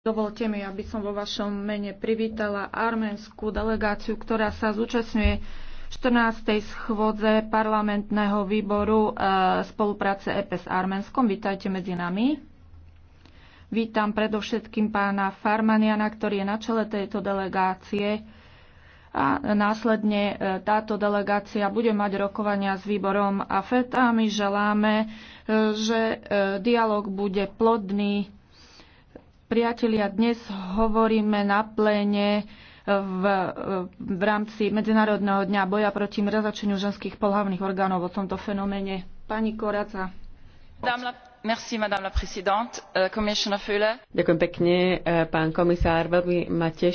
Dovolte mi, aby som vo vašom mene privítala arménskú delegáciu, ktorá sa zúčastňuje 14. schôdze parlamentného výboru e, spolupráce EP s Arménskom. Vítajte medzi nami. Vítam predovšetkým pána Farmaniana, ktorý je na čele tejto delegácie. A následne e, táto delegácia bude mať rokovania s výborom AFET a my želáme, e, že dialog bude plodný, Priatelia, dnes hovoríme na pléne v, v rámci Medzinárodného dňa boja proti mrazačeniu ženských pohlavných orgánov o tomto fenoméne. Pani Koraca. Merci, Madame la Présidente, euh, Commissioner Füle. Ďakujem pekne, pán komisár. Veľmi ma teší,